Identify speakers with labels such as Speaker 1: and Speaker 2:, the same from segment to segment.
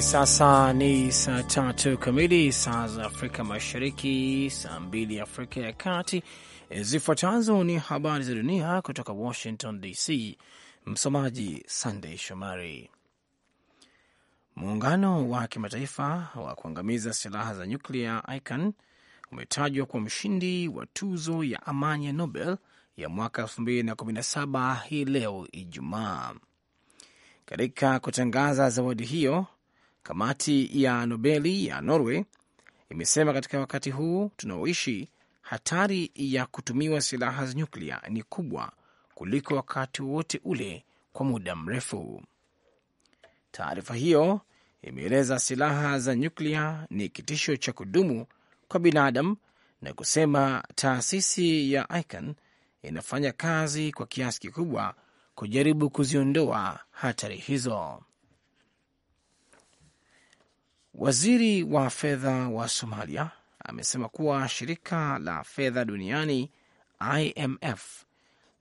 Speaker 1: hivi sasa ni saa tatu kamili saa za Afrika Mashariki, saa mbili Afrika ya Kati. E, zifuatazo ni habari za dunia kutoka Washington DC. Msomaji Sandey Shomari. Muungano wa kimataifa wa kuangamiza silaha za nyuklia ICAN umetajwa kwa mshindi wa tuzo ya amani ya Nobel ya mwaka 2017 hii leo Ijumaa. Katika kutangaza zawadi hiyo, Kamati ya Nobeli ya Norway imesema katika wakati huu tunaoishi, hatari ya kutumiwa silaha za nyuklia ni kubwa kuliko wakati wowote ule kwa muda mrefu. Taarifa hiyo imeeleza silaha za nyuklia ni kitisho cha kudumu kwa binadamu na kusema taasisi ya ICAN inafanya kazi kwa kiasi kikubwa kujaribu kuziondoa hatari hizo. Waziri wa fedha wa Somalia amesema kuwa shirika la fedha duniani IMF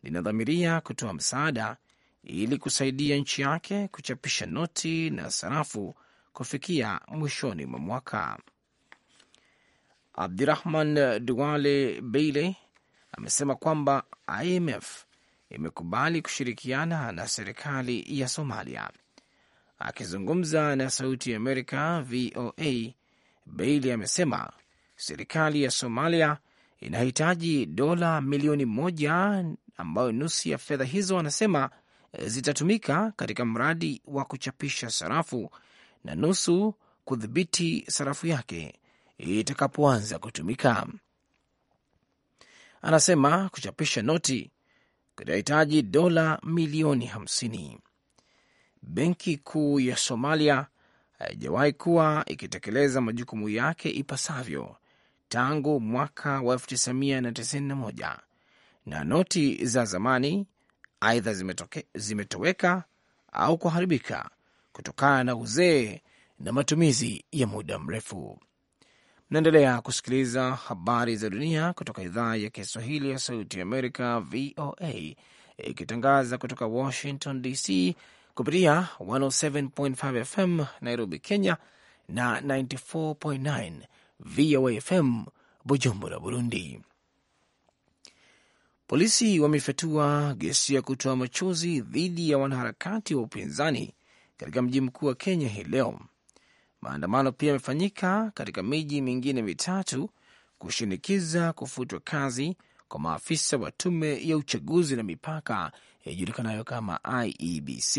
Speaker 1: linadhamiria kutoa msaada ili kusaidia nchi yake kuchapisha noti na sarafu kufikia mwishoni mwa mwaka. Abdirahman Duale Beile amesema kwamba IMF imekubali kushirikiana na serikali ya Somalia Akizungumza na Sauti ya Amerika VOA, Bailey amesema serikali ya Somalia inahitaji dola milioni moja ambayo nusu ya fedha hizo anasema zitatumika katika mradi wa kuchapisha sarafu na nusu kudhibiti sarafu yake itakapoanza kutumika. Anasema kuchapisha noti kutahitaji dola milioni hamsini benki kuu ya Somalia haijawahi kuwa ikitekeleza majukumu yake ipasavyo tangu mwaka wa 1991 na noti za zamani aidha zimetoweka au kuharibika kutokana na uzee na matumizi ya muda mrefu. Mnaendelea kusikiliza habari za dunia kutoka idhaa ya Kiswahili ya Sauti ya Amerika, VOA, ikitangaza kutoka Washington DC kupitia 107.5 FM Nairobi, Kenya na 94.9 VOA FM Bujumbura, Burundi. Polisi wamefyatua gesi ya kutoa machozi dhidi ya wanaharakati wa upinzani katika mji mkuu wa Kenya hii leo. Maandamano pia yamefanyika katika miji mingine mitatu kushinikiza kufutwa kazi kwa maafisa wa tume ya uchaguzi na mipaka yajulikanayo kama IEBC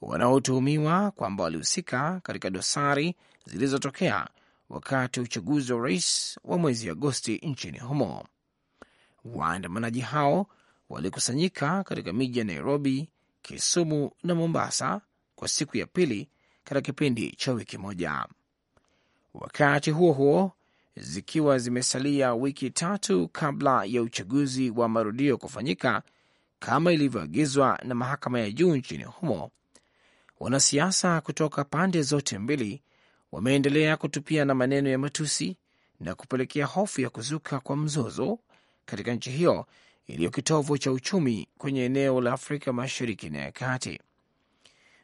Speaker 1: wanaotuhumiwa kwamba walihusika katika dosari zilizotokea wakati wa uchaguzi wa rais wa mwezi Agosti nchini humo. Waandamanaji hao walikusanyika katika miji ya Nairobi, Kisumu na Mombasa kwa siku ya pili katika kipindi cha wiki moja. Wakati huo huo, zikiwa zimesalia wiki tatu kabla ya uchaguzi wa marudio kufanyika kama ilivyoagizwa na mahakama ya juu nchini humo, wanasiasa kutoka pande zote mbili wameendelea kutupia na maneno ya matusi na kupelekea hofu ya kuzuka kwa mzozo katika nchi hiyo iliyo kitovu cha uchumi kwenye eneo la Afrika Mashariki na ya Kati.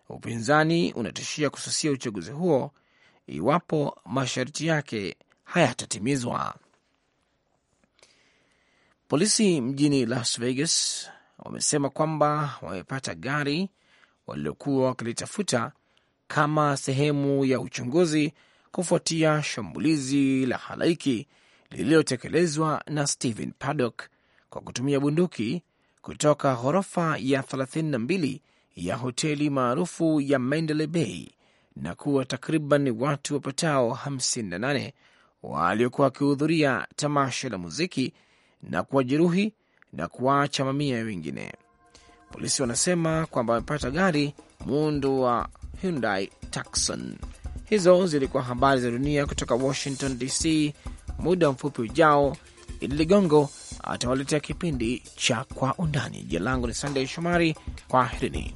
Speaker 1: Upinzani unatishia kususia uchaguzi huo iwapo masharti yake hayatatimizwa. Polisi mjini Las Vegas wamesema kwamba wamepata gari waliokuwa wakilitafuta kama sehemu ya uchunguzi kufuatia shambulizi la halaiki lililotekelezwa na Stephen Paddock kwa kutumia bunduki kutoka ghorofa ya 32 ya hoteli maarufu ya Mandalay Bay na kuwa takriban watu wapatao waliokuwa wakihudhuria tamasha la muziki na kuwajeruhi na kuwaacha mamia wengine. Polisi wanasema kwamba wamepata gari muundo wa Hyundai Tucson. Hizo zilikuwa habari za dunia kutoka Washington DC. Muda mfupi ujao, Idi Ligongo atawaletea kipindi cha Kwa Undani. Jina langu ni Sandey Shomari. Kwaherini.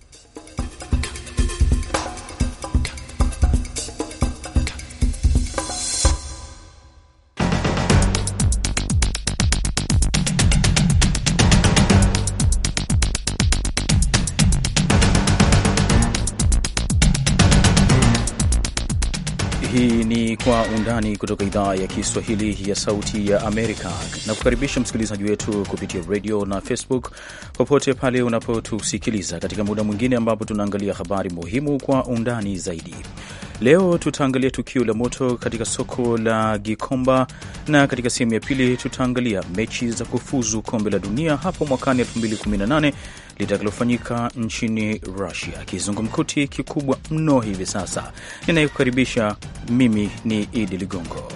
Speaker 2: undani kutoka idhaa ya Kiswahili ya Sauti ya Amerika na kukaribisha msikilizaji wetu kupitia radio na Facebook popote pale unapotusikiliza katika muda mwingine ambapo tunaangalia habari muhimu kwa undani zaidi. Leo tutaangalia tukio la moto katika soko la Gikomba, na katika sehemu ya pili tutaangalia mechi za kufuzu kombe la dunia hapo mwakani 2018 litakalofanyika nchini Rusia, kizungumkuti kikubwa mno hivi sasa. Ninayekukaribisha mimi ni Idi Ligongo.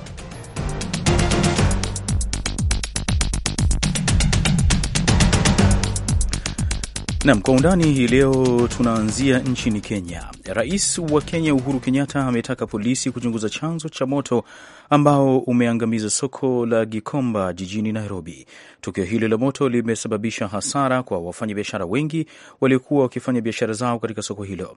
Speaker 2: Nam kwa undani hii leo tunaanzia nchini Kenya. Rais wa Kenya Uhuru Kenyatta ametaka polisi kuchunguza chanzo cha moto ambao umeangamiza soko la Gikomba jijini Nairobi. Tukio hilo la moto limesababisha hasara kwa wafanyabiashara wengi waliokuwa wakifanya biashara zao katika soko hilo.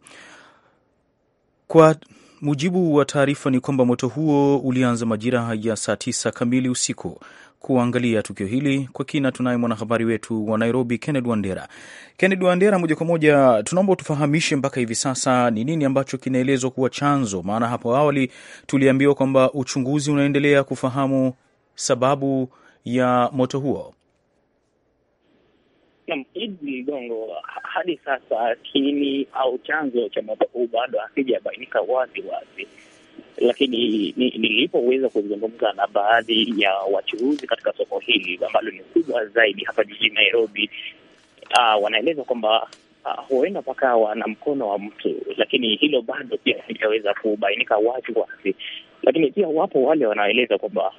Speaker 2: Kwa mujibu wa taarifa ni kwamba moto huo ulianza majira ya saa tisa kamili usiku kuangalia tukio hili kwa kina, tunaye mwanahabari wetu wa Nairobi, Kennedy Wandera. Kennedy Wandera, moja kwa moja, tunaomba utufahamishe mpaka hivi sasa ni nini ambacho kinaelezwa kuwa chanzo, maana hapo awali tuliambiwa kwamba uchunguzi unaendelea kufahamu sababu ya moto huo.
Speaker 3: Naam, Idi Ligongo, hadi sasa kiini au chanzo cha moto huu bado hakijabainika wazi wazi lakini nilipoweza kuzungumza na baadhi ya wachuuzi katika soko hili ambalo ni kubwa zaidi hapa jijini Nairobi, uh, wanaeleza kwamba uh, huenda pakawa na mkono wa mtu, lakini hilo bado pia halijaweza kubainika wazi wazi, lakini pia wapo wale wanaeleza kwamba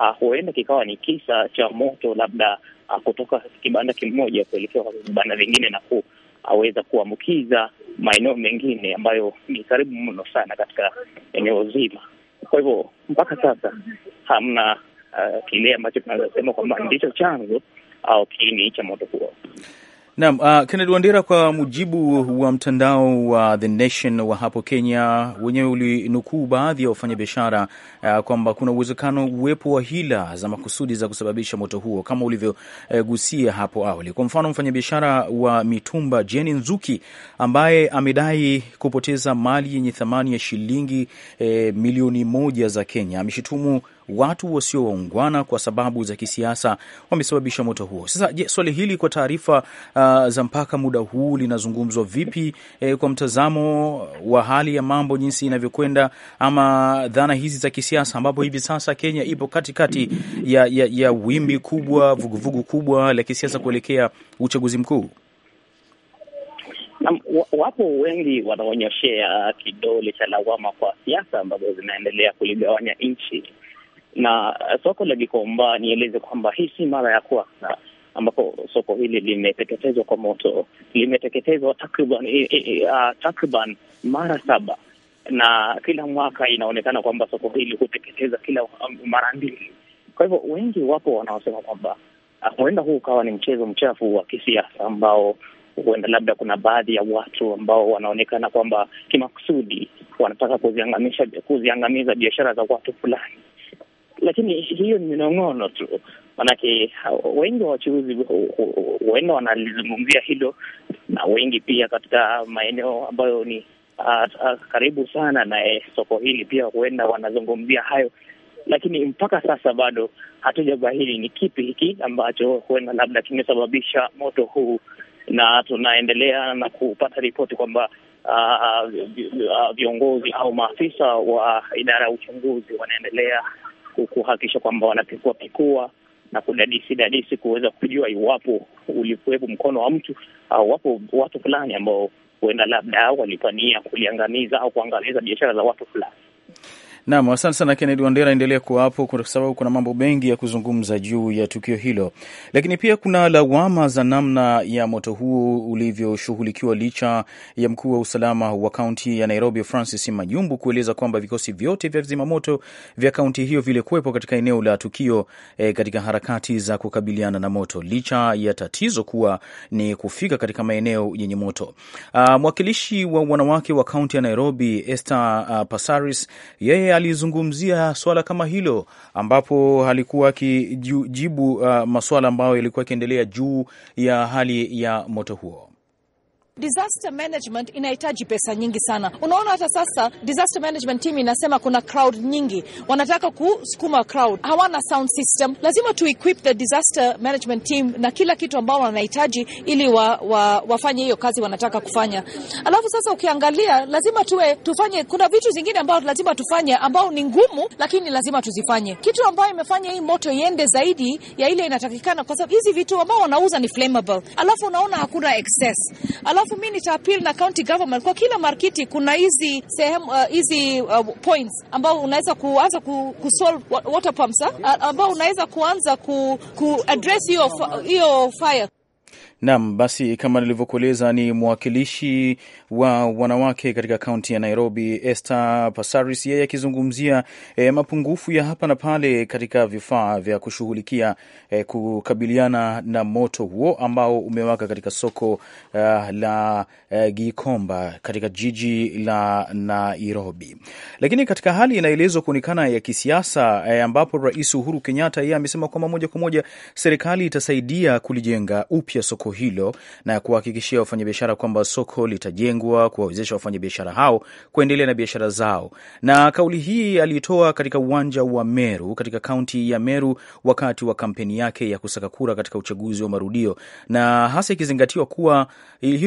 Speaker 3: uh, huenda kikawa ni kisa cha moto labda, uh, kutoka kibanda kimoja kuelekea vibanda vingine na ku aweza kuambukiza maeneo mengine ambayo ni karibu mno sana katika eneo zima. Kwa hivyo mpaka sasa hamna uh, kile ambacho tunaweza kusema kwamba ndicho chanzo au kiini cha moto huo.
Speaker 2: Naam, uh, Kennedy Wandera, kwa mujibu wa mtandao wa The Nation wa hapo Kenya, wenyewe ulinukuu baadhi ya wafanyabiashara uh, kwamba kuna uwezekano uwepo wa hila za makusudi za kusababisha moto huo kama ulivyogusia uh, hapo awali. Kwa mfano, mfanyabiashara wa mitumba Jeni Nzuki ambaye amedai kupoteza mali yenye thamani ya shilingi eh, milioni moja za Kenya ameshutumu watu wasio waungwana kwa sababu za kisiasa wamesababisha moto huo. Sasa je, swali hili kwa taarifa uh, za mpaka muda huu linazungumzwa vipi eh, kwa mtazamo wa hali ya mambo jinsi inavyokwenda, ama dhana hizi za kisiasa, ambapo hivi sasa Kenya ipo katikati ya, ya, ya wimbi kubwa, vuguvugu vugu kubwa la kisiasa kuelekea uchaguzi mkuu?
Speaker 3: wapo wengi wanaonyeshea kidole cha lawama kwa siasa ambazo zinaendelea kuligawanya nchi na soko la Gikomba, nieleze kwamba hii si mara ya kwanza ambapo soko hili limeteketezwa kwa moto. Limeteketezwa takriban eh, e, takriban mara saba, na kila mwaka inaonekana kwamba soko hili huteketeza kila um, mara mbili. Kwa hivyo wengi wapo wanaosema kwamba ah, huenda huu ukawa ni mchezo mchafu wa kisiasa ambao huenda labda kuna baadhi ya watu ambao wanaonekana kwamba kimakusudi wanataka kuziangamiza biashara za watu fulani lakini hiyo ni minong'ono tu, manake wengi wa wachuuzi huenda wanalizungumzia hilo, na wengi pia katika maeneo ambayo ni a, a, karibu sana na e, soko hili pia huenda wanazungumzia hayo, lakini mpaka sasa bado hatujabahili ni kipi hiki ambacho huenda labda kimesababisha moto huu, na tunaendelea na kupata ripoti kwamba uh, viongozi au maafisa wa idara ya uchunguzi wanaendelea kuhakikisha kwamba wanapekua pekua na kudadisi dadisi kuweza kujua iwapo ulikuwepo mkono wa mtu au wapo watu fulani ambao huenda labda walipania kuliangamiza au kuangamiza biashara za watu fulani.
Speaker 2: Naam, asante sana Kennedy Wandera, endelea kuwa hapo kwa sababu kuna mambo mengi ya kuzungumza juu ya tukio hilo, lakini pia kuna lawama za namna ya moto huo ulivyoshughulikiwa licha ya mkuu wa usalama wa kaunti ya Nairobi Francis Majumbu kueleza kwamba vikosi vyote vya zimamoto vya kaunti hiyo vilikuwepo katika eneo la tukio e, katika harakati za kukabiliana na moto licha ya tatizo kuwa ni kufika katika maeneo yenye moto. Ah, mwakilishi wa wanawake wa kaunti ya Nairobi Esther uh, Pasaris yeye alizungumzia swala kama hilo, ambapo alikuwa akijibu uh, maswala ambayo yalikuwa yakiendelea juu ya hali ya moto huo. Disaster management inahitaji pesa nyingi sana. Unaona hata sasa disaster management team inasema kuna crowd nyingi, wanataka kusukuma crowd, hawana sound system. Lazima tu equip the disaster management team na kila kitu ambao wanahitaji ili wa, wa, wafanye hiyo kazi wanataka kufanya. Alafu sasa ukiangalia, lazima tuwe tufanye, kuna vitu zingine ambao lazima tufanye ambao ni ngumu, lakini lazima tuzifanye. Kitu ambayo imefanya hii moto iende zaidi ya ile inatakikana, kwa sababu hizi vitu ambao wanauza ni flammable, alafu unaona hakuna excess alafu alafu mi nita appeal na county government kwa kila markiti kuna hizi sehemu uh, hizi uh, uh, points ambao unaweza kuanza ku, ku solve water pumps ah, ah, ambao unaweza kuanza ku, ku address hiyo hiyo fire Naam, basi kama nilivyokueleza ni mwakilishi wa wanawake katika kaunti ya Nairobi, Esther Pasaris, yeye akizungumzia e, mapungufu ya hapa na pale katika vifaa vya kushughulikia e, kukabiliana na moto huo ambao umewaka katika soko uh, la uh, Gikomba katika jiji la Nairobi. Lakini katika hali inaelezwa kuonekana ya kisiasa e, ambapo Rais Uhuru Kenyatta yeye amesema kwamba moja kwa moja serikali itasaidia kulijenga upya soko soko hilo na kuhakikishia wafanyabiashara kwamba soko litajengwa kuwawezesha wafanyabiashara hao kuendelea na biashara zao. Na kauli hii aliitoa katika uwanja wa Meru katika kaunti ya Meru wakati wa kampeni yake ya kusaka kura katika uchaguzi wa marudio, na hasa ikizingatiwa kuwa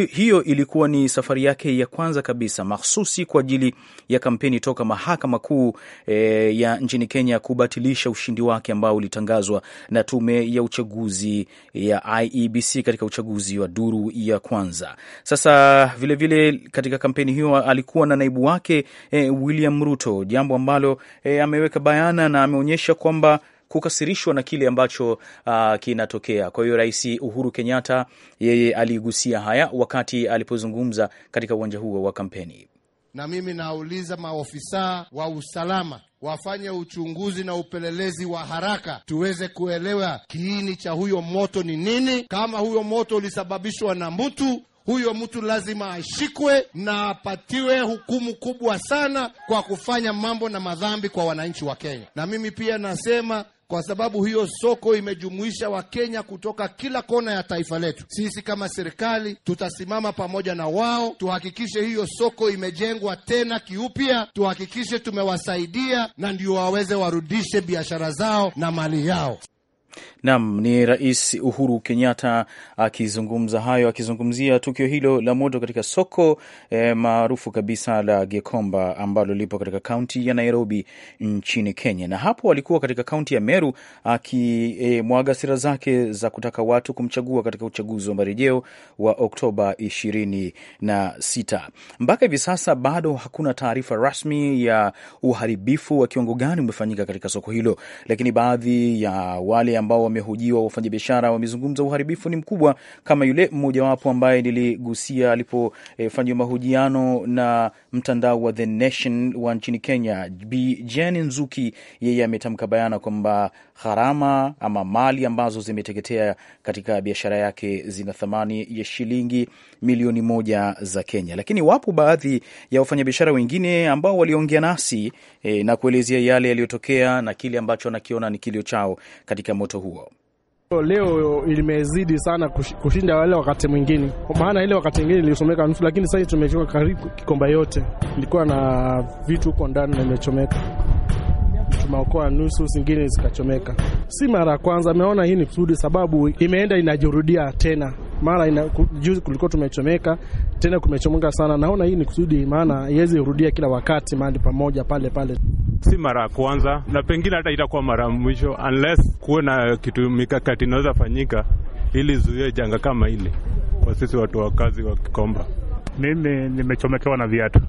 Speaker 2: hiyo ilikuwa ni safari yake ya kwanza kabisa mahsusi kwa ajili ya kampeni toka mahakama kuu e, ya nchini Kenya kubatilisha ushindi wake ambao ulitangazwa na tume ya uchaguzi ya IEBC katika uchaguzi wa duru ya kwanza. Sasa vilevile vile katika kampeni hiyo alikuwa na naibu wake e, William Ruto, jambo ambalo e, ameweka bayana na ameonyesha kwamba kukasirishwa na kile ambacho uh, kinatokea. Kwa hiyo Rais Uhuru Kenyatta yeye aligusia haya wakati alipozungumza katika uwanja huo wa kampeni
Speaker 4: na mimi nauliza maofisa wa usalama wafanye uchunguzi na upelelezi wa haraka, tuweze kuelewa kiini cha huyo moto ni nini. Kama huyo moto ulisababishwa na mtu, huyo mtu lazima ashikwe na apatiwe hukumu kubwa sana kwa kufanya mambo na madhambi kwa wananchi wa Kenya. Na mimi pia nasema kwa sababu hiyo soko imejumuisha Wakenya kutoka kila kona ya taifa letu. Sisi kama serikali tutasimama pamoja na wao, tuhakikishe hiyo soko imejengwa tena kiupya, tuhakikishe tumewasaidia na ndio waweze warudishe biashara zao na mali yao.
Speaker 2: Nam ni Rais Uhuru Kenyatta akizungumza hayo, akizungumzia tukio hilo la moto katika soko e, maarufu kabisa la Gekomba ambalo lipo katika kaunti ya Nairobi nchini Kenya. Na hapo alikuwa katika kaunti ya Meru akimwaga eh, e, sera zake za kutaka watu kumchagua katika uchaguzi wa marejeo wa Oktoba 26. Mpaka hivi sasa bado hakuna taarifa rasmi ya uharibifu wa kiwango gani umefanyika katika soko hilo, lakini baadhi ya wale ambao wamehojiwa, wafanyabiashara wamezungumza, uharibifu ni mkubwa, kama yule mmojawapo ambaye niligusia alipofanyiwa eh, mahojiano na mtandao wa The Nation wa nchini Kenya. Bi Jane Nzuki yeye ametamka bayana kwamba gharama ama mali ambazo zimeteketea katika biashara yake zina thamani ya shilingi milioni moja za Kenya, lakini wapo baadhi ya wafanyabiashara wengine ambao waliongea nasi eh, na kuelezea yale yaliyotokea na kile ambacho anakiona ni kilio chao katika moto huo. Leo ilimezidi sana kushinda wale wakati mwingine, maana ile wakati mwingine ilichomeka nusu, lakini sasa tumechoka karibu kikomba yote. Nilikuwa na vitu huko ndani na imechomeka,
Speaker 4: tumeokoa nusu,
Speaker 2: zingine zikachomeka. Si mara ya kwanza, ameona hii ni kusudi, sababu imeenda inajirudia tena mara ina, juzi kulikuwa tumechomeka tena kumechomeka sana. Naona hii ni kusudi, maana iweze rudia kila wakati mahali pamoja pale pale
Speaker 4: si mara ya kwanza, na pengine hata itakuwa mara ya mwisho, unless kuwe na kitu mikakati inaweza fanyika ili zuie janga kama ile kwa sisi watu wakazi wa Kikomba. Mimi nimechomekewa na viatu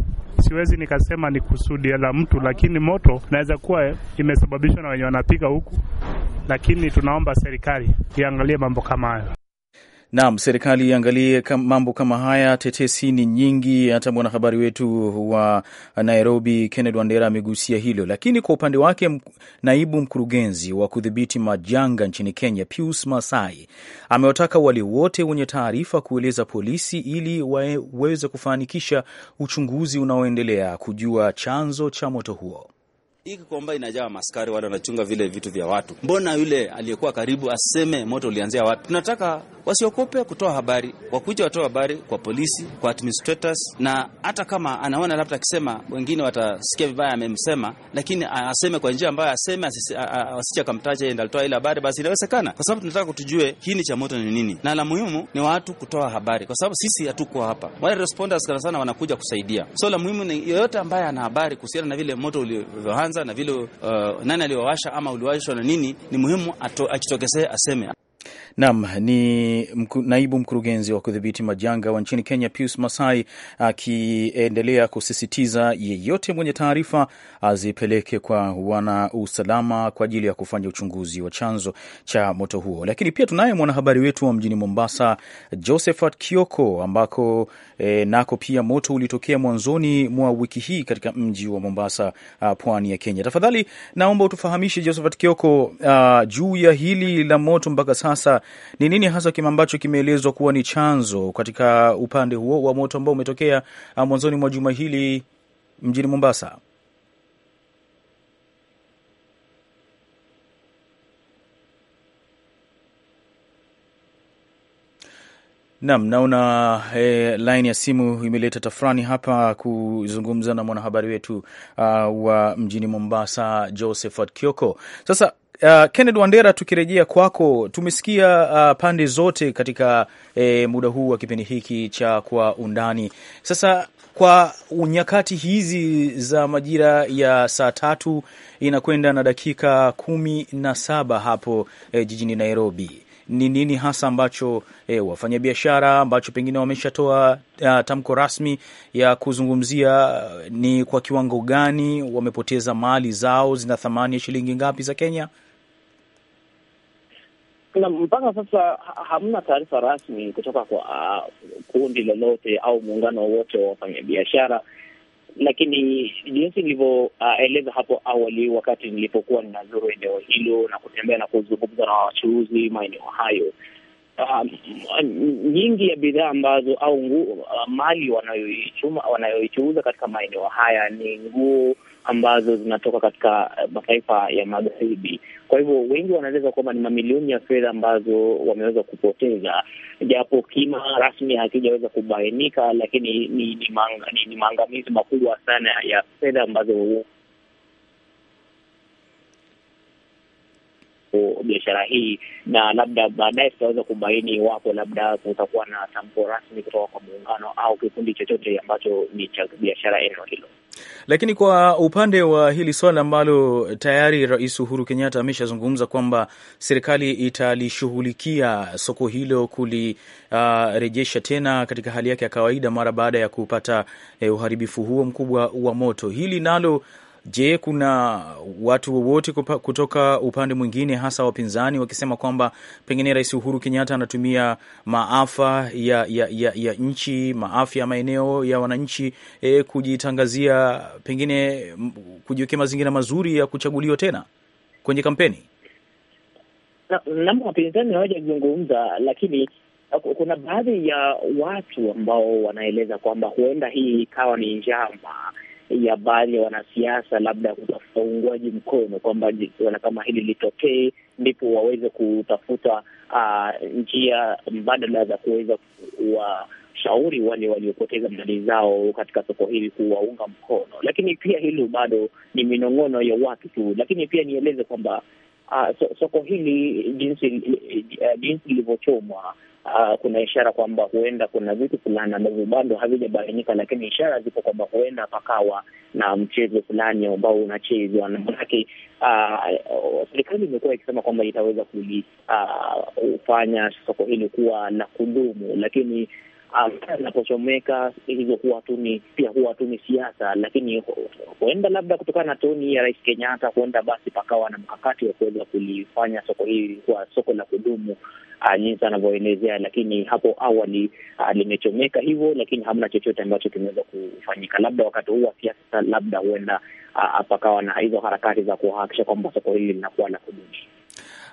Speaker 4: Siwezi nikasema ni kusudi la mtu, lakini moto naweza kuwa imesababishwa na wenye wanapiga huku, lakini tunaomba serikali iangalie mambo kama hayo.
Speaker 2: Naam, serikali iangalie mambo kama haya. Tetesi ni nyingi, hata mwanahabari wetu wa Nairobi Kennedy Wandera amegusia hilo. Lakini kwa upande wake, naibu mkurugenzi wa kudhibiti majanga nchini Kenya Pius Masai amewataka wale wote wenye taarifa kueleza polisi ili waweze kufanikisha uchunguzi unaoendelea kujua chanzo cha moto huo hii kikomba inajaa maskari wale wanachunga vile vitu vya watu, mbona yule aliyekuwa karibu aseme moto ulianzia wapi? Tunataka wasiokope kutoa habari, wakuja watoa habari kwa polisi, kwa administrators, na hata kama anaona labda akisema wengine watasikia vibaya amemsema, lakini aseme kwa njia ambayo aseme, asije akamtaja yeye ndiye alitoa ile habari, basi inawezekana, kwa sababu tunataka kutujue kiini cha moto ni nini, na la muhimu ni watu kutoa habari, kwa sababu sisi hatuko hapa. Wale responders sana sana wanakuja kusaidia, so la muhimu ni yoyote ambaye ana habari kuhusiana na vile moto ulivyoanza na vile uh, nani aliwawasha ama uliwashwa na nini, ni muhimu akitokezee aseme. Nam ni mku, naibu mkurugenzi wa kudhibiti majanga wa nchini Kenya Pius Masai akiendelea kusisitiza yeyote mwenye taarifa azipeleke kwa wana usalama kwa ajili ya kufanya uchunguzi wa chanzo cha moto huo. Lakini pia tunaye mwanahabari wetu wa mjini Mombasa Josephat Kioko ambako e, nako pia moto ulitokea mwanzoni mwa wiki hii katika mji wa Mombasa, ah, pwani ya Kenya. Tafadhali naomba utufahamishe Josephat Kioko, a, ah, juu ya hili la moto mpaka sasa sasa ni nini hasa kima ambacho kimeelezwa kuwa ni chanzo katika upande huo wa moto ambao umetokea ah, mwanzoni mwa juma hili mjini Mombasa? Nam, naona eh, e, laini ya simu imeleta tafurani hapa kuzungumza na mwanahabari wetu uh, wa mjini Mombasa, Josephat Kioko. Sasa Uh, Kennedy Wandera, tukirejea kwako, tumesikia uh, pande zote katika eh, muda huu wa kipindi hiki cha Kwa Undani. Sasa kwa nyakati hizi za majira ya saa tatu inakwenda na dakika kumi na saba hapo eh, jijini Nairobi, ni nini hasa ambacho eh, wafanyabiashara ambacho pengine wameshatoa uh, tamko rasmi ya kuzungumzia ni kwa kiwango gani wamepoteza mali zao, zina thamani ya shilingi ngapi za Kenya?
Speaker 3: na mpaka sasa hamna taarifa rasmi kutoka kwa uh, kundi lolote au muungano wowote wa wafanyabiashara, lakini jinsi nilivyoeleza uh, hapo awali wakati nilipokuwa ninazuru eneo hilo na kutembea na kuzungumza na wachuuzi maeneo hayo, uh, nyingi ya bidhaa ambazo au uh, mali wanayoichuuza katika maeneo haya ni nguo ambazo zinatoka katika eh, mataifa ya magharibi. Kwa hivyo wengi wanaeleza kwamba ni mamilioni ya fedha ambazo wameweza kupoteza, japo kima rasmi hakijaweza kubainika, lakini ni, ni, manga, ni, ni maangamizi makubwa sana ya fedha ambazo biashara hii na labda baadaye tutaweza kubaini iwapo labda kutakuwa na tamko rasmi kutoka kwa muungano au kikundi chochote ambacho ni cha biashara eneo hilo.
Speaker 2: Lakini kwa upande wa hili swala ambalo tayari Rais Uhuru Kenyatta ameshazungumza kwamba serikali italishughulikia soko hilo kulirejesha uh, tena katika hali yake ya kawaida mara baada ya kupata uh, uharibifu huo mkubwa wa moto, hili nalo Je, kuna watu wowote kutoka upande mwingine, hasa wapinzani, wakisema kwamba pengine Rais Uhuru Kenyatta anatumia maafa ya, ya, ya, ya nchi, maafa ya maeneo ya wananchi e, kujitangazia pengine kujiwekea mazingira mazuri ya kuchaguliwa tena kwenye kampeni?
Speaker 3: Naam, wapinzani hawajazungumza, lakini uh, kuna baadhi ya watu ambao wanaeleza kwamba huenda hii ikawa ni njama ya baadhi ya wanasiasa, labda kutafuta uungwaji mkono kwamba suala kama hili litokee, ndipo waweze kutafuta uh, njia mbadala za kuweza kuwashauri wale waliopoteza mali zao katika soko hili kuwaunga mkono. Lakini pia hilo bado ni minong'ono ya watu tu, lakini pia nieleze kwamba uh, so, soko hili jinsi uh, jinsi lilivyochomwa uh, kuna ishara kwamba huenda kuna vitu fulani ambavyo bado havijabainika, lakini ishara ziko kwamba huenda pakawa na mchezo fulani ambao unachezwa na manake uh, serikali imekuwa ikisema kwamba itaweza kulifanya ah, uh, soko hili kuwa la kudumu, lakini Ah, inapochomeka hizo huwa tu ni pia huwa tu ni siasa, lakini huenda labda kutokana na toni ya Rais Kenyatta, huenda basi pakawa na mkakati wa kuweza kulifanya soko hili kuwa soko la kudumu ah, jinsi anavyoelezea. Lakini hapo awali uh, limechomeka hivyo, lakini hamna chochote ambacho kimeweza kufanyika. Labda wakati huu wa siasa, labda huenda uh, pakawa na hizo harakati za kuhakikisha kwamba soko hili linakuwa la kudumu.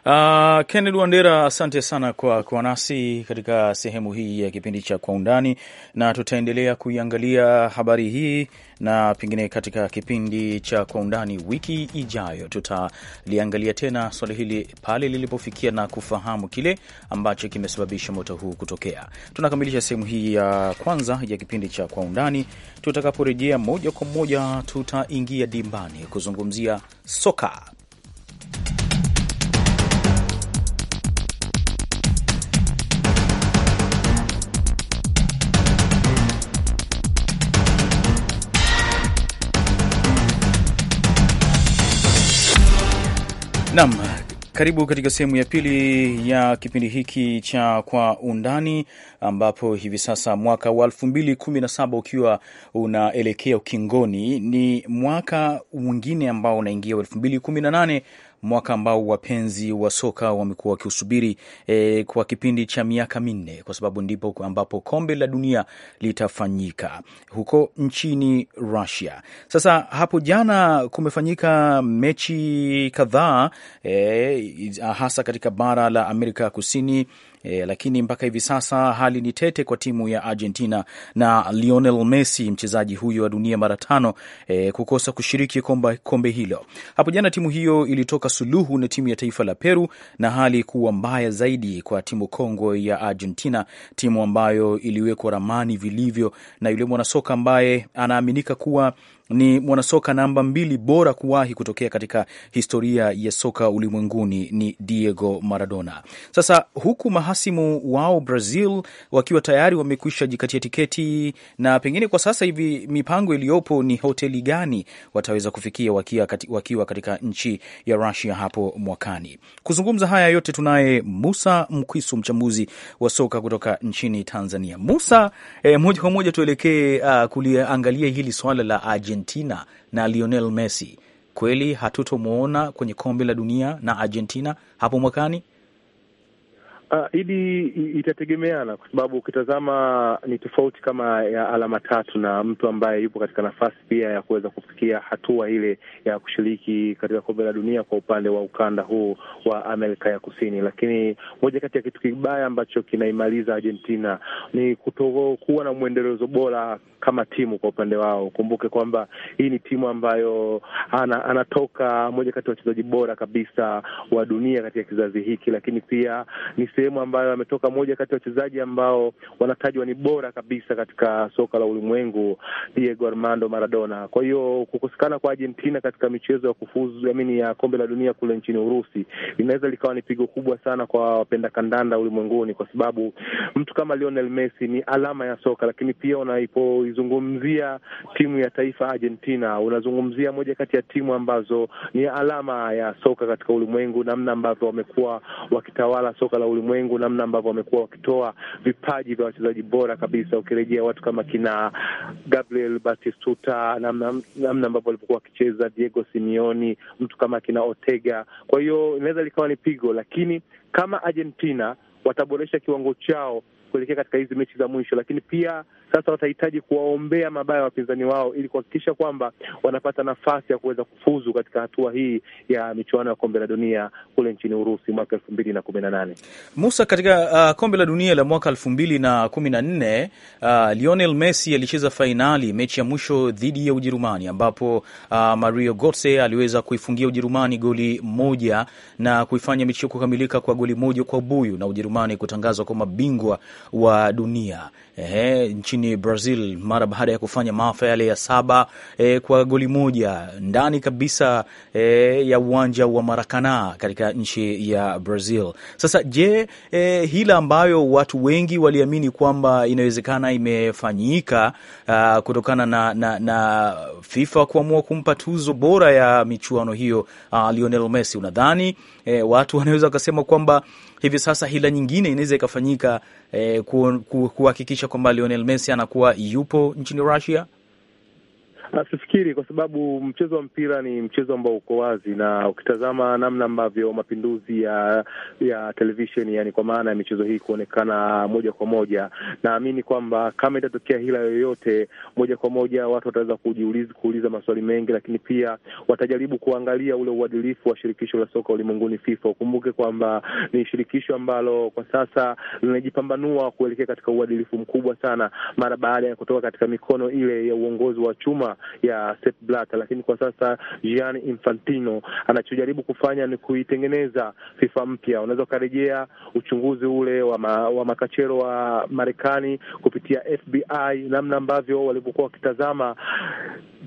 Speaker 2: Uh, Kennedy Wandera, asante sana kwa kuwa nasi katika sehemu hii ya kipindi cha Kwa Undani, na tutaendelea kuiangalia habari hii na pengine katika kipindi cha Kwa Undani wiki ijayo tutaliangalia tena swala hili pale lilipofikia na kufahamu kile ambacho kimesababisha moto huu kutokea. Tunakamilisha sehemu hii ya kwanza ya kipindi cha Kwa Undani. Tutakaporejea moja kwa moja, tutaingia dimbani kuzungumzia soka. Naam, karibu katika sehemu ya pili ya kipindi hiki cha Kwa Undani, ambapo hivi sasa mwaka wa elfu mbili kumi na saba ukiwa unaelekea ukingoni, ni mwaka mwingine ambao unaingia elfu mbili kumi na nane mwaka ambao wapenzi wa soka wamekuwa wakiusubiri e, kwa kipindi cha miaka minne, kwa sababu ndipo ambapo kombe la dunia litafanyika huko nchini Russia. Sasa hapo jana kumefanyika mechi kadhaa e, hasa katika bara la Amerika Kusini e, lakini mpaka hivi sasa hali ni tete kwa timu ya Argentina na Lionel Messi, mchezaji huyo wa dunia mara tano, e, kukosa kushiriki komba, kombe hilo. Hapo jana timu hiyo ilitoka suluhu na timu ya taifa la Peru na hali kuwa mbaya zaidi kwa timu kongwe ya Argentina, timu ambayo iliwekwa ramani vilivyo na yule mwanasoka ambaye anaaminika kuwa ni mwanasoka namba mbili bora kuwahi kutokea katika historia ya soka ulimwenguni ni Diego Maradona. Sasa huku mahasimu wao Brazil wakiwa tayari wamekwisha jikatia tiketi, na pengine kwa sasa hivi mipango iliyopo ni hoteli gani wataweza kufikia wakiwa katika, wakiwa katika nchi ya Russia hapo mwakani. Kuzungumza haya yote tunaye Musa Mkwisu, mchambuzi wa soka kutoka nchini Tanzania. Musa, eh, moja kwa moja tuelekee uh, kuliangalia hili swala la Argentina. Argentina na Lionel Messi, kweli hatutomwona kwenye kombe la dunia na Argentina hapo mwakani?
Speaker 4: Uh, ah, ili itategemeana kwa sababu ukitazama ni tofauti kama ya alama tatu na mtu ambaye yupo katika nafasi pia ya kuweza kufikia hatua ile ya kushiriki katika kombe la dunia kwa upande wa ukanda huu wa Amerika ya Kusini. Lakini moja kati ya kitu kibaya ambacho kinaimaliza Argentina ni kutokuwa na mwendelezo bora kama timu kwa upande wao. Kumbuke kwamba hii ni timu ambayo ana, anatoka moja kati ya wachezaji bora kabisa wa dunia katika kizazi hiki, lakini pia ni sehemu ambayo ametoka moja kati ya wachezaji ambao wanatajwa ni bora kabisa katika soka la ulimwengu, Diego Armando Maradona. Kwa hiyo kukosekana kwa Argentina katika michezo ya kufuzu amini ya kombe la dunia kule nchini Urusi linaweza likawa ni pigo kubwa sana kwa wapenda kandanda ulimwenguni, kwa sababu mtu kama Lionel Messi ni alama ya soka, lakini pia unaipoizungumzia timu ya taifa Argentina unazungumzia moja kati ya timu ambazo ni alama ya soka katika ulimwengu, namna ambavyo wamekuwa wakitawala soka la ulimwengu ulimwengu, namna ambavyo wamekuwa wakitoa vipaji vya wachezaji bora kabisa. Ukirejea watu kama kina Gabriel Batistuta, namna ambavyo walipokuwa wakicheza, Diego Simeoni, mtu kama kina Ortega. Kwa hiyo inaweza likawa ni pigo, lakini kama Argentina wataboresha kiwango chao kuelekea katika hizi mechi za mwisho, lakini pia sasa watahitaji kuwaombea mabaya wapinzani wao ili kuhakikisha kwamba wanapata nafasi ya kuweza kufuzu katika hatua hii ya michuano ya kombe la dunia kule nchini Urusi mwaka elfu mbili na kumi na nane.
Speaker 2: Musa, katika uh, kombe la dunia la mwaka elfu mbili na kumi na nne uh, Lionel Messi alicheza fainali mechi ya mwisho dhidi ya Ujerumani ambapo uh, Mario Gotse aliweza kuifungia Ujerumani goli moja na kuifanya mechi hiyo kukamilika kwa goli moja kwa buyu na Ujerumani kutangazwa kwa mabingwa wa dunia ehe, nchini Brazil mara baada ya kufanya maafa yale ya saba e, kwa goli moja ndani kabisa e, ya uwanja wa marakana katika nchi ya Brazil. Sasa je, e, hila ambayo watu wengi waliamini kwamba inawezekana imefanyika a, kutokana na, na, na FIFA kuamua kumpa tuzo bora ya michuano hiyo a, Lionel Messi, unadhani e, watu wanaweza wakasema kwamba hivi sasa hila nyingine inaweza ikafanyika eh, kuhakikisha kwamba Lionel Messi anakuwa yupo nchini Russia?
Speaker 4: Ah, sifikiri kwa sababu mchezo wa mpira ni mchezo ambao uko wazi, na ukitazama namna ambavyo mapinduzi ya ya televisheni, yani kwa maana ya michezo hii kuonekana moja kwa moja, naamini kwamba kama itatokea hila yoyote moja kwa moja, watu wataweza kujiuliza kuuliza maswali mengi, lakini pia watajaribu kuangalia ule uadilifu wa shirikisho la soka ulimwenguni FIFA. Ukumbuke kwamba ni shirikisho ambalo kwa sasa linajipambanua kuelekea katika uadilifu mkubwa sana, mara baada ya kutoka katika mikono ile ya uongozi wa chuma ya Sepp Blatter, lakini kwa sasa Gianni Infantino anachojaribu kufanya ni kuitengeneza FIFA mpya. Unaweza ukarejea uchunguzi ule wa, ma, wa makachero wa Marekani kupitia FBI, namna ambavyo walivyokuwa wakitazama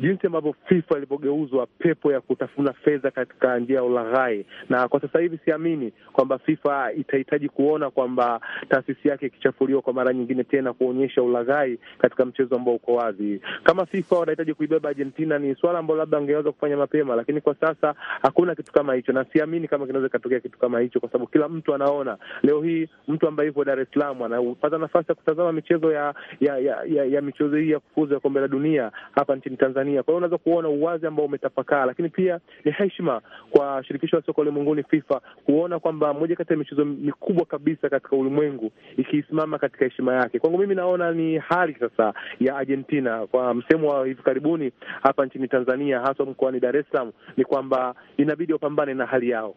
Speaker 4: jinsi ambavyo FIFA ilivyogeuzwa pepo ya kutafuna fedha katika njia ya ulaghai. Na kwa sasa hivi siamini kwamba FIFA itahitaji kuona kwamba taasisi yake ikichafuliwa kwa mara nyingine tena kuonyesha ulaghai katika mchezo ambao uko wazi. Kama FIFA wanahitaji kuibeba Argentina ni swala ambalo labda angeweza kufanya mapema, lakini kwa sasa hakuna kitu kama hicho, na siamini kama kinaweza ikatokea kitu kama hicho, kwa sababu kila mtu anaona leo hii mtu ambaye yupo Dar es Salaam anapata nafasi ya kutazama michezo ya ya ya, ya, ya michezo hii ya kufuzu ya kombe la dunia hapa nchini Tanzania. Kwa hiyo unaweza kuona uwazi ambao umetapakaa, lakini pia ni heshima kwa shirikisho la soka ulimwenguni FIFA kuona kwamba moja kati ya michezo mikubwa kabisa katika ulimwengu ikisimama katika heshima yake. Kwangu mimi naona ni hali sasa ya Argentina kwa msemo wa hivi karibuni karibuni hapa nchini Tanzania, haswa mkoani Dar es Salaam, ni kwamba inabidi wapambane na hali yao.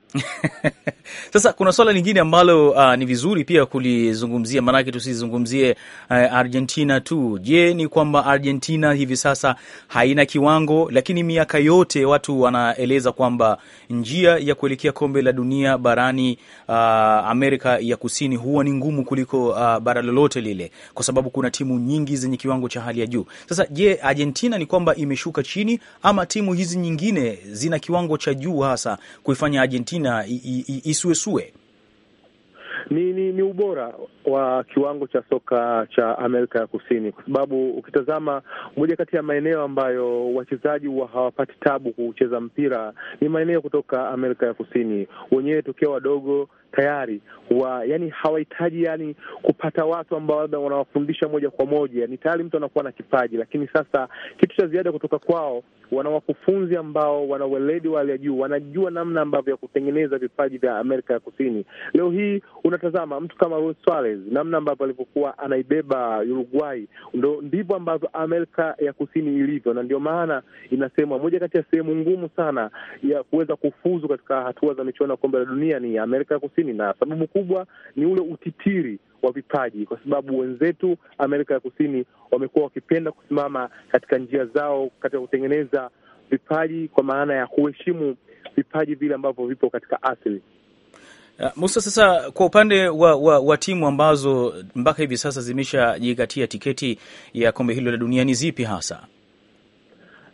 Speaker 2: Sasa kuna swala lingine ambalo uh, ni vizuri pia kulizungumzia, maanake tusizungumzie uh, Argentina tu. Je, ni kwamba Argentina hivi sasa haina kiwango, lakini miaka yote watu wanaeleza kwamba njia ya kuelekea kombe la dunia barani uh, Amerika ya Kusini huwa ni ngumu kuliko uh, bara lolote lile, kwa sababu kuna timu nyingi zenye kiwango cha hali ya juu. Sasa je, Argentina ni kwamba kwamba imeshuka chini ama timu hizi nyingine zina kiwango cha juu hasa kuifanya Argentina isuesue?
Speaker 4: ni, ni, ni ubora wa kiwango cha soka cha Amerika ya Kusini, kwa sababu ukitazama moja kati ya maeneo ambayo wachezaji wa hawapati tabu kucheza mpira ni maeneo kutoka Amerika ya Kusini. Wenyewe tukiwa wadogo tayari wa yani hawahitaji yani kupata watu ambao labda wanawafundisha moja kwa moja, ni tayari mtu anakuwa na kipaji, lakini sasa kitu cha ziada kutoka kwao wana wakufunzi ambao wana weledi wa hali ya juu, wanajua namna ambavyo ya kutengeneza vipaji vya Amerika ya Kusini. Leo hii unatazama mtu kama Luis Suarez, namna ambavyo alivyokuwa anaibeba Uruguay, ndo ndivyo ambavyo Amerika ya Kusini ilivyo, na ndio maana inasemwa moja kati ya sehemu ngumu sana ya kuweza kufuzu katika hatua za michuano ya kombe la dunia ni Amerika ya Kusini, na sababu kubwa ni ule utitiri wa vipaji, kwa sababu wenzetu Amerika ya Kusini wamekuwa wakipenda kusimama katika njia zao katika kutengeneza vipaji, kwa maana ya kuheshimu vipaji vile ambavyo vipo katika asili.
Speaker 2: Uh, Musa, sasa kwa upande wa, wa, wa timu ambazo mpaka hivi sasa zimeshajikatia tiketi ya kombe hilo la dunia ni zipi hasa?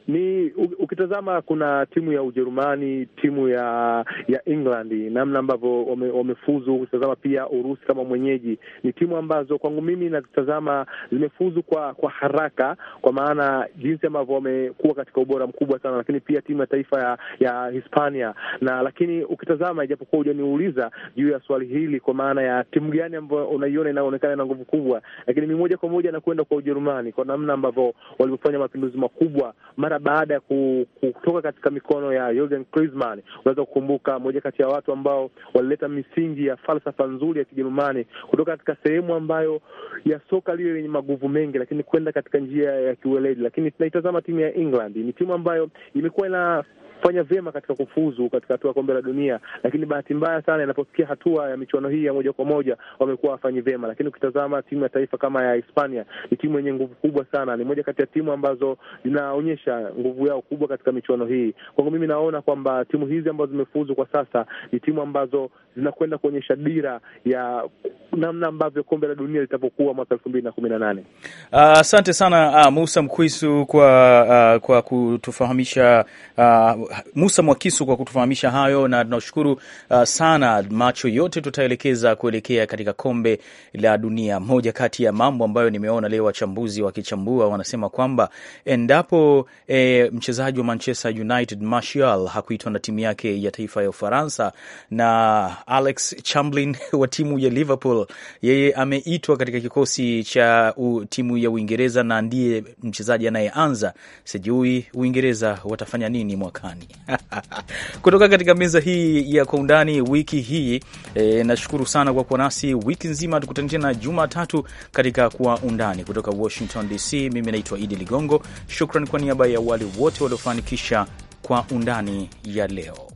Speaker 4: ni ukitazama kuna timu ya Ujerumani, timu ya ya England, namna ambavyo wamefuzu ukitazama pia Urusi kama mwenyeji, ni timu ambazo kwangu mimi nazitazama zimefuzu kwa kwa haraka, kwa maana jinsi ambavyo wamekuwa katika ubora mkubwa sana, lakini pia timu ya taifa ya, ya Hispania na lakini ukitazama, ijapokuwa hujaniuliza juu ya swali hili, kwa maana ya timu gani ambayo unaiona inaonekana na nguvu kubwa, lakini mi moja kwa moja nakwenda kwa Ujerumani kwa namna ambavyo walivyofanya mapinduzi makubwa mara hata baada ya kutoka katika mikono ya Jurgen Klinsmann. Unaweza kukumbuka moja kati ya watu ambao walileta misingi ya falsafa nzuri ya Kijerumani kutoka katika sehemu ambayo ya soka lile lenye maguvu mengi, lakini kwenda katika njia ya kiweledi. Lakini tunaitazama timu ya England, ni timu ambayo imekuwa ina kufanya vyema katika kufuzu katika hatua ya kombe la dunia, lakini bahati mbaya sana inapofikia hatua ya michuano hii ya moja kwa moja wamekuwa wafanyi vyema. Lakini ukitazama timu ya taifa kama ya Hispania ni timu yenye nguvu kubwa sana, ni moja kati ya timu ambazo zinaonyesha nguvu yao kubwa katika michuano hii. Kwangu mimi naona kwamba timu hizi ambazo zimefuzu kwa sasa ni timu ambazo zinakwenda kuonyesha dira ya namna ambavyo kombe la dunia litapokuwa mwaka elfu mbili na kumi na nane.
Speaker 2: Asante uh, sana uh, Musa Mkwisu kwa uh, kwa kutufahamisha uh, Musa Mwakisu kwa kutufahamisha hayo, na tunashukuru uh, sana. Macho yote tutaelekeza kuelekea katika kombe la dunia. Moja kati ya mambo ambayo nimeona leo wachambuzi wakichambua wanasema kwamba endapo e, mchezaji wa Manchester United Martial hakuitwa na timu yake ya taifa ya Ufaransa na Alex Chamberlain wa timu ya Liverpool, yeye ameitwa katika kikosi cha u, timu ya Uingereza na ndiye mchezaji anayeanza. Sijui Uingereza watafanya nini mwakani undani kutoka katika meza hii ya kwa undani wiki hii. E, nashukuru sana kwa kuwa nasi wiki nzima. Tukutane tena Jumatatu katika kwa undani kutoka Washington DC. Mimi naitwa Idi Ligongo, shukran kwa niaba ya wale wote waliofanikisha kwa undani ya leo.